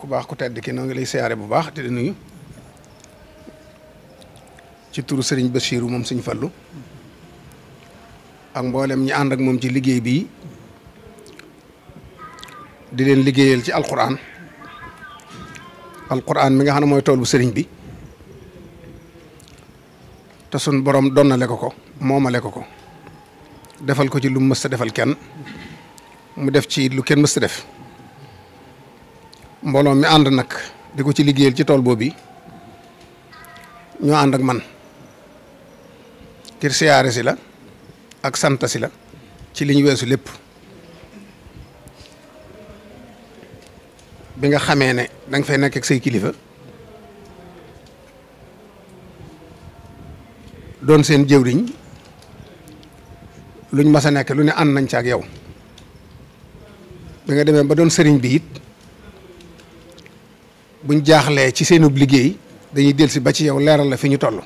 ku baax ku tedd ki noo ngi lay siyaare bu baax te di nuyu ci turu Serigne Bassirou moom Serigne Fallou ak mboolem ñu ànd ak moom ci liggéey bi di leen liggéeyal ci alquran alquran mi nga xam ne mooy tool bu sëriñ bi te sunu borom donnale ko ko moomale ko ko defal ko ci lu mu mës a defal kenn mu def ci lu kenn mës def. mbooloo mi ànd nag di ko ci liggéeyal ci tool boobu ñoo ànd ak man ngir siyaare si la ak sant si la ci li ñu weesu lépp bi nga xamee ne danga fay nekk ak say kilifa doon seen jëwriñ luñ mas a nekk lu ne ànd nañ ci ak yow bi nga demee ba doon sëriñ bi it buñ jaaxlee ci seenub liggéey dañuy dellu si ba ci yow leeral la fi ñu toll.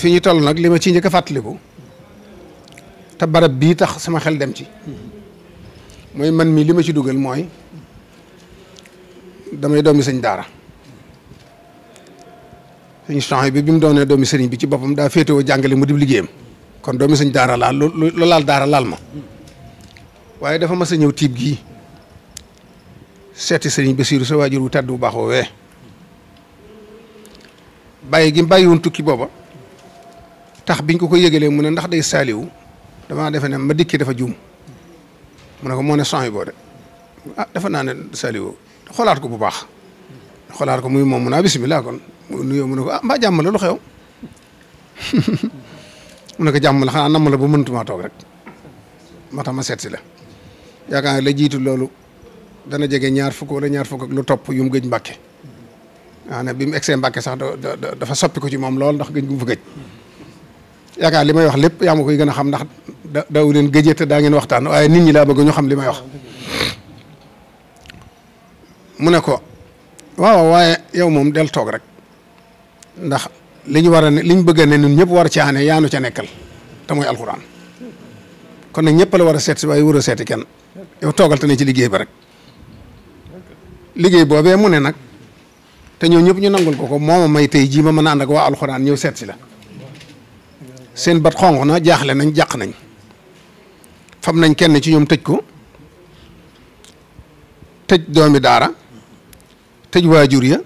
fi ñu toll nag li ma ci njëkk a fàttaliku te barab bii tax sama xel dem ci mooy man mii li ma ci dugal mooy damay doomi sëñ daara suñu change bi bi mu doonee doomi sëriñ bi ci boppam daa féetewoo jàngale mu di liggéeyam kon doomi sëñ daara laal lu laal daara laal ma waaye dafa mas a tiib gii. seeti sëriñ Basiiru sa waajur wu tedd bu baax woowee bàyyi gi mu bàyyi woon tukki booba tax biñ ko ko yëgalee mu ne ndax day saaliwu damaa defe ne ma dikki dafa juum mu ne ko moo ne sang boo de ah defe naa ne saaliwu xoolaat ko bu baax xoolaat ko muy moom mu ne ah bisimilah kon mu ne ko ah mbaa jàmm la lu xew mu ne ko jàmm la xanaa namm la ba mëntumaa toog rek moo ma seet si la yaakaar la jiitu loolu. dana jege ñaar fukk la ñaar fukk ak lu topp yu mu gëj Mbàkke ah, bi mu egsee mbakke sax dafa soppi ko ci moom lool ndax gëj gu mu fa gëj yaakaar li may wax lépp yaa ma koy gën a xam ndax daaw leen gëjee te daa ngeen waxtaan nit ñi laa bëgg ñu xam li may wax mu ne ko waaw waaye yow moom del toog rek ndax li ñu war a ne li ñu bëgg ne ñun ñëpp war ci yaa nu ca nekkal te mooy alxuraan kon nag ñëpp la war a seet si waaye war seeti kenn yow toogal te ne ci liggéey bi rek liggéey boobee mu ne nag te ñoo ñëpp ñu nangul ko ko mooma may tey jii ma mën a ànd ak waa alxuraan ñëw seet si la seen bat xonq na jaaxle nañ jàq nañ fam nañ kenn ci ñoom tëj ko tëj doomi daara tëj waajur ya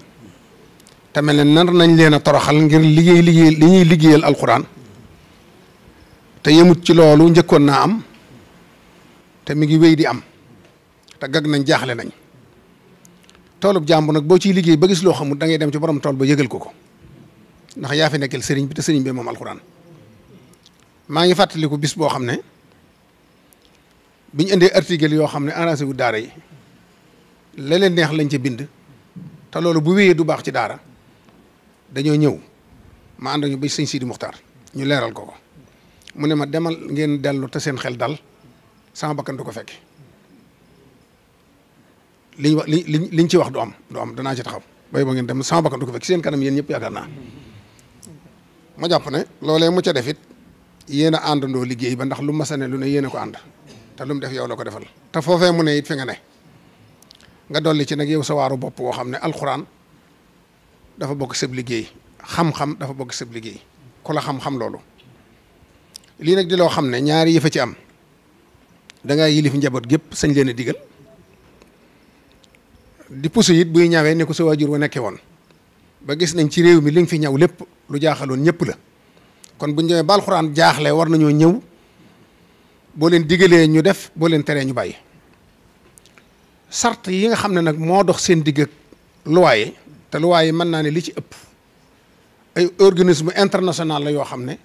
te mel ne nar nañ leen a toroxal ngir liggéey liggéey li ñuy liggéeyal alxuraan te yemut ci loolu njëkkoon naa am te mi ngi wéy di am te gag nañ jaaxle nañ toolub jàmbu nag boo ci liggéey ba gis loo xamul dangay dem ci borom tool ba yëgal ko ko ndax yaa fi nekkal sëriñ bi te sëriñ bi moom alxuraan maa ngi fàttaliku bis boo xam ne bi ñu indee article yoo xam ne arrangé wu daara yi la leen neex lañ ca bind te loolu bu wéyee du baax ci daara dañoo ñëw ma ànd ñu ba sëñ Sidi Muxtaar ñu leeral ko ko mu ne ma demal ngeen dellu te seen xel dal sama bakkan ko fekke liñ wax li liñ liñ ci wax du am du am danaa ci taxaw bay ba ngeen dem sama bakkan du ko fekk seen kanam yéen ñëpp yaakaar naa ma jàpp ne loolee mu ca def it yéen a àndandoo liggéey ba ndax lu ma sane lu ne yéen ko ànd te lu mu def yow loo ko defal te foofee mu ne it fi nga ne nga dolli ci nag yow sa waaru bopp boo xam ne alxuraan dafa bokk sëb liggéey xam-xam dafa bokk sëb liggéey ku la xam-xam loolu lii nag di loo xam ne ñaari yëfa ci am dangay ngaa yilif njaboot gépp sañ leen a digal di puso it buy ñawee ni ko sa waajur wa nekkee woon ba gis nañ ci réew mi li nga fi ñaw lépp lu jaaxaloon ñëpp la kon buñ demee ba alxuraan jaaxle war nañoo ñëw boo leen digalee ñu def boo leen teree ñu bàyyi sart yi nga xam ne nag moo dox seen digg ak luwaa yi te luwaa yi mën naa ne li ci ëpp ay organisme international la yoo xam ne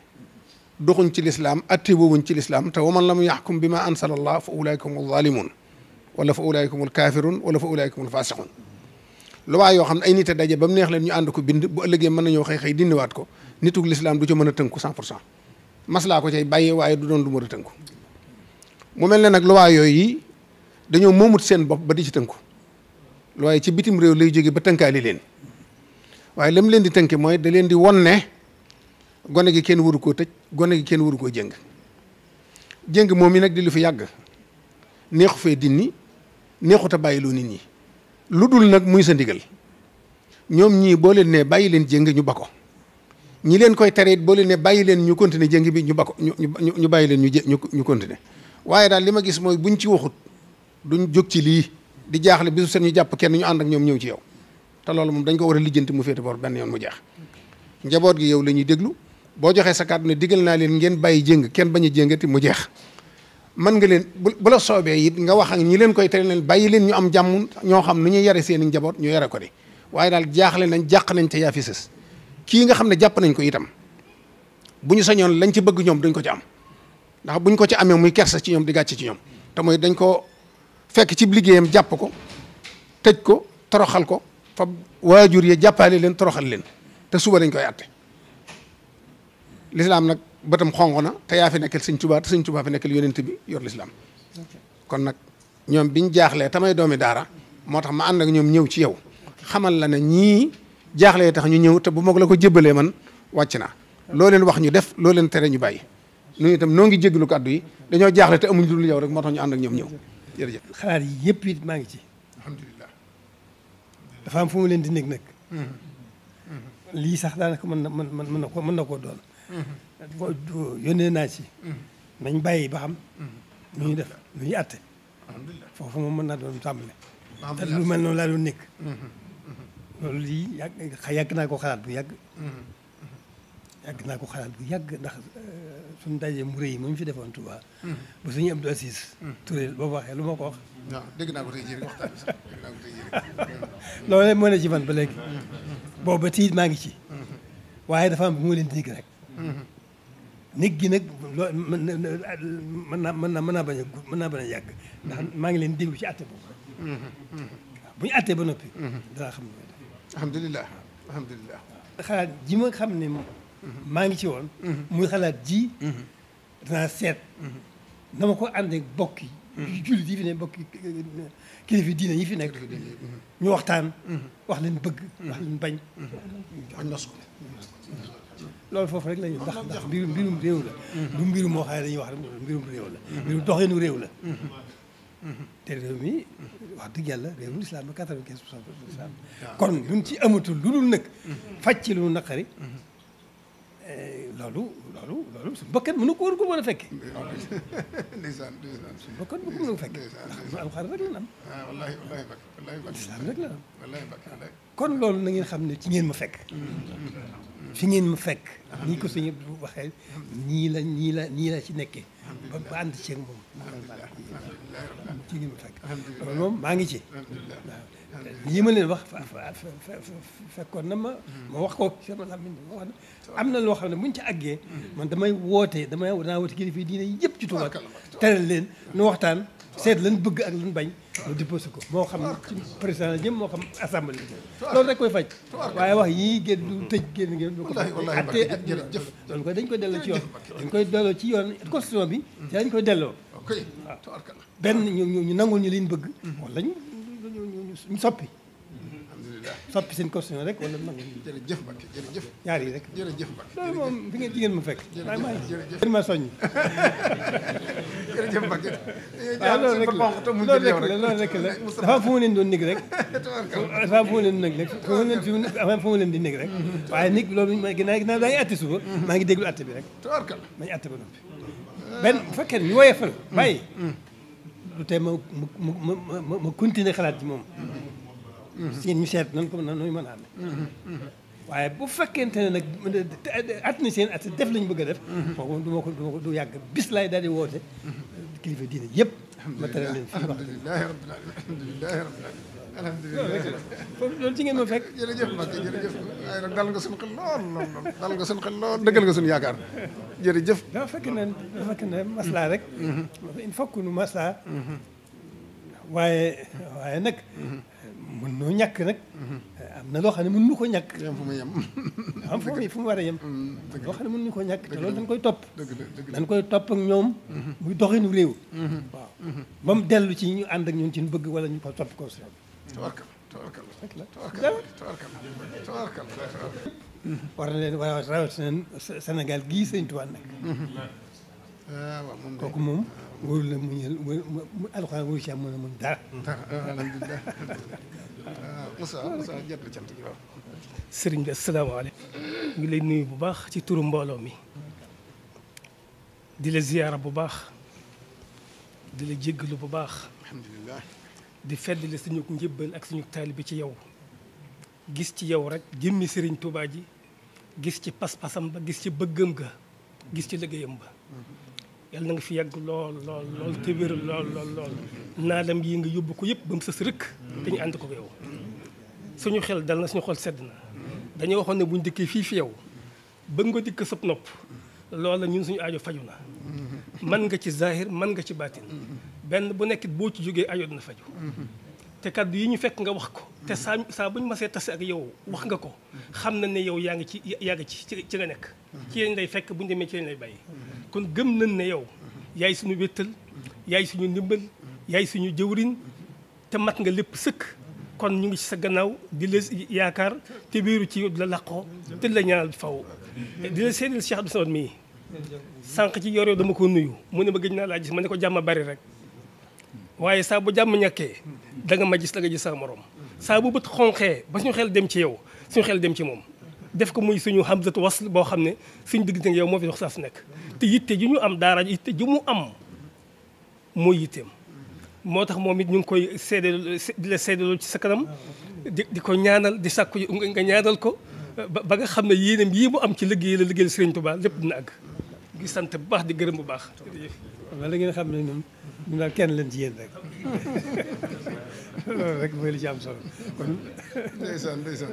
doxuñ ci lislaam atte woowuñ ci lislaam te waman lam yaxkum bi ma ansalallah fa ulaika hum zalimun wala fa ulaayikumul kaafirun wala fa ulaayikumul faasiqun luwaa yoo xam ne ay nit a daje ba mu neex leen ñu ànd ko bind bu ëllëgee mën nañoo xëy xëy dindiwaat ko nitug lislaam du ca mën a tënku cent pour cent maslaa ko cay bàyyee waaye du doon du mën a tënku mu mel ne nag luwaa yooyu dañoo moomut seen bopp ba di ci tënku luwaa ci bitim réew lay jóge ba tënkaali leen waaye lam leen di tënke mooy da leen di won ne gone gi kenn waru koo tëj gone gi kenn waru koo jëng jëng moom yi nag di lu fi yàgg neexu fee dinni neexut a bàyyiloo nit ñi lu dul nag muy sa ndigal ñoom ñii boo leen ne bàyyi leen jéng ñu bakko ñi leen koy tere it boo leen ne bàyyi leen ñu continuer jéng bi ñu bakko ñu ñu ñu bàyyi leen ñu jé ñu continuer waaye daal li ma gis mooy buñ ci waxut duñ jóg ci lii di jaaxle bisu seen ñu jàpp kenn ñu ànd ak ñoom ñëw ci yow te loolu moom dañ ko war a lijjanti mu féete boor benn yoon mu jeex njaboot gi yow la ñuy déglu boo joxee sa kàddu ne digal naa leen ngeen bàyyi kenn bañ a mu jeex mën nga leen bu la soobee it nga wax ak ñi leen koy tere leen bàyyi leen ñu am jàmm ñoo xam nu ñuy yare seen i njaboot ñu yare ko di waaye daal jaaxle nañ jàq nañ te yaa fi sës kii nga xam ne jàpp nañ ko itam bu ñu sañoon lañ ci bëgg ñoom dañ ko ci am ndax buñ ko ci amee muy kersa ci ñoom di gàcce ci ñoom te mooy dañ ko fekk ci liggéeyam jàpp ko tëj ko toroxal ko fa waajur yi jàppale leen toroxal leen te suba dañ koy àtte lislaam nag bëtam xonq na te yaa fi nekkal sëñ Tuubaa te sëñ Tuubaa fi nekkal yonent bi yor lislaam kon nag ñoom biñ jaaxlee tamay doomi daara moo tax ma ànd ak ñoom ñëw ci yow xamal la ne ñii jaaxlee tax ñu ñëw te bu moog la ko jébbalee man wàcc naa loo leen wax ñu def loo leen tere ñu bàyyi ñun itam noo ngi jégalu kàddu yi dañoo jaaxle te amuñ lu yow rek moo tax ñu ànd ak ñoom ñëw jërëjëf. yi yëpp it maa ngi ci. alhamdulilah. dafa leen di nekk nag. Mm-hmm. Mm-hmm. lii sax daanaka mën na mën na mën na koo mën na koo doon. yónnee naa ci. nañ bàyyi ba xam. Mm-hmm. nu ñuy def nu ñuy àtte. foofu moom mën naa doon tàmbale. te lu mel noonu laa doon nekk. Mm-hmm. Mm-hmm. loolu lii yàgg yàgg naa ko xalaat bu yàgg. naa ko xalaat bu yàgg ndax euh, suñu dajee mu rëy mu ñu fi defoon Touba. ba suñu Abdou ma ko wax. waaw dégg naa ko tey jii waxtaan naa ko tey jii. loolu moo ne ci man ba léegi. boobu tiit maa ngi ci. waaye dafa am bu ma leen dégg rek. néeg gi nag loo mën na mën na mën naa bañ mën naa bañ a ndax maa ngi leen déglu ci ate boobu mm-hmm. bu ñu àttee ba noppi mm-hmm. danaa xam ne alhamdulilah alhamdulilah xalaat ji ma xam ne mm-hmm. maa ngi ci woon muy xalaat ji danaa seet na ma ko àndee bokk yi jullit yi fi ne mbokk kilifa diine yi fi nekk mhm. ñu waxtaan mhm. wax leen bëgg mhm. wax leen bañ wax nos ko loolu foofu rek la ñu ndax ndax mbirum mbirum réew la du mbirum moo xam ne dañuy wax rek mbirum réew la mbirum doxeenu réew la te réew mi wax dëgg yàlla réewul islam ba quatre-vingt-quinze pour cent islam kon luñ ci amatul lu dul nag faj ci lu naqari Eh, loolu loolu loolu suñu bakkan mënu ko war ko mën a fekke ndeysaan ndeysaan suñu ah, bakkan bu ko mën la am kon loolu na ngeen xam ne ci ngeen ma fekk si mm, mm, mm. ngeen mu fekk nii ko suñu waxee ñii la ñii la ñii la ci nekkee ba ba ànd ceeg moom ci ngeen ma fekk loolu moom maa ngi ci lii ma leen wax fekkoon na ma ma wax ko sama làmmiñ ma wax na am na loo xam ne muñ ci àggee man damay woote damay danaa woote kilifa yi diine yëpp ci Tuuba te leen nu waxtaan seet leen bëgg ak lan bañ mu déposé ko moo xam ci président la jëm moo xam assemblée la loolu rek koy faj waaye wax yii génn du tëj génn ngeen du ko attee ak loolu koy dañ koy delloo ci yoon dañ koy delloo ci yoon constitution bi te dañ koy delloo waaw benn ñu ñu nangoo ñu leen bëgg mm-hmm. wala ñu ñu soppi. soppi seen constitution rek wala nag. jërëjëf Mbacke jërëjëf. ñaar yi rek jërëjëf Mbacke. loolu moom fi ngeen jigéen ma fekk. jërëjëf ma soññ. jërëjëf Mbacke. waaw loolu rek la loolu rek la dafa am fu mu leen doon nig rek. dafa mu leen doon nig rek fu mu leen fi am fu mu leen di nig rek. waaye nig loolu ma ginnaaw ginnaaw daa ngi àtte suba. maa ngi déglu bi rek. tubaarkalla nañu àtte ba noppi. benn bu fekkee ñu woyefal du tee ma ma ma ma ma continuer xalaat ci moom. seen mm-hmm. ñu seet nan ko nan la ñu mën a amee. Mm-hmm. Mm-hmm. waaye bu fekkente ne nag at ni seen at def lañ bëgg a def kooku mm-hmm. du ma ko du ma ko du yàgg bis laay daal di woote mm-hmm. kilifa diine yëpp ma tere leen fii alhamdulilahi rabbil alamin alhamdulilahi rabbil alamin alhamdulilahi foofu loolu ci ngeen ma fekk jërëjëf Mbacke nga suñu xel lool lool nga suñu xel lool dëggal nga jërëjëf dafa fekk ne dafa fekk ne rek mm-hmm. il faut nu maslaa waaye waaye nag noo ñàkk nag na loo xam mun mënuñu ko ñàkk fu mu yem fu mu war a yem mm, loo xam ne mënuñu ko ñàkk loolu dañ koy topp dañ koy topp ak ñoom mm-hmm. muy doxinu réew mm-hmm. waaw mm-hmm. ba mu dellu ci ñu ànd ak ci ñu bëgg wala ñu ko topp ko seen tabarkal tabarkal tabarkal tabarkal war na leen waaw rawatina Sénégal gii nag ah, waaw moom kooku la mu ñu alxuraan ci am mën muñ dara Moussa Moussa jot na cant gi waaw. sëriñ bi asalaamaaleykum. ñu ngi lay nuyu bu baax ci turu mbooloo mi. di la ziyaara bu baax. di la jéggalu bu baax. alhamdulilah. di feddali suñu njëbbal ak suñu taalibe ci yow. gis ci yow rek jëmmi sëriñ Touba ji. gis ci pas-pasam ba gis ci bëggam ga. gis ci liggéeyam ba. yàlla na nga fi yàgg lool lool lool te wér lool lool lool. naadam yi nga yóbbu ko yëpp ba mu sës te ñu ànd ko yow. suñu xel dal na suñu xol sedd na dañoo waxoon ne bu ñu dikkee fii fi yow bëgg nga dikk sëb nopp loola ñun suñu ajo faju na man nga ci zahir man nga ci baatin benn bu nekkit boo ci jógee aajo dina faju te kàddu yi ñu fekk nga wax ko te saa saa bu ñu masee tase ak yow wax nga ko xam na ne yow yaa ngi ci yaa ngi ci ci nga nekk ci lañ lay fekk bu ñu demee ci lañ lay bàyyi kon gëm nañ ne yow yaay suñu wéttal yaay suñu ndimbal yaay suñu jëwrin te mat nga lépp sëkk kon ñu ngi ci sa gannaaw di la yaakaar te biiru ci la laqoo te la ñaanal faw di la seedil Cheikh Abdou Samad mii sanq ci yor yow dama ko nuyu mu ne ma gëj naa laa gis ma ne ko jàmm bari rek waaye saa bu jàmm ñàkkee da nga ma gis la nga gis moroom morom saa bu bët xonqee ba suñu xel dem ci yow suñu xel dem ci moom def ko muy suñu hamzatu wasl boo xam ne suñu diggante yow moo fi dox saa su nekk te yitte ju ñu am daara yitte ju mu am mooy yitteem moo tax moom it ñu ngi koy seedeel di la seedeeloo ci sa kanam di di ko ñaanal di sàkku nga ñaanal ko ba nga xam ne yéenam yii mu am ci liggéey la liggéey liggéeyal Serigne Touba lépp dina àgg gi sant bu baax di gërëm bu baax jërëjëf la ngeen xam ne ñun ñu daal kenn leen ci yéen rek loolu mooy li ci am solo kon ndeysaan ndeysaan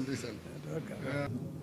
ndeysaan ndeysaan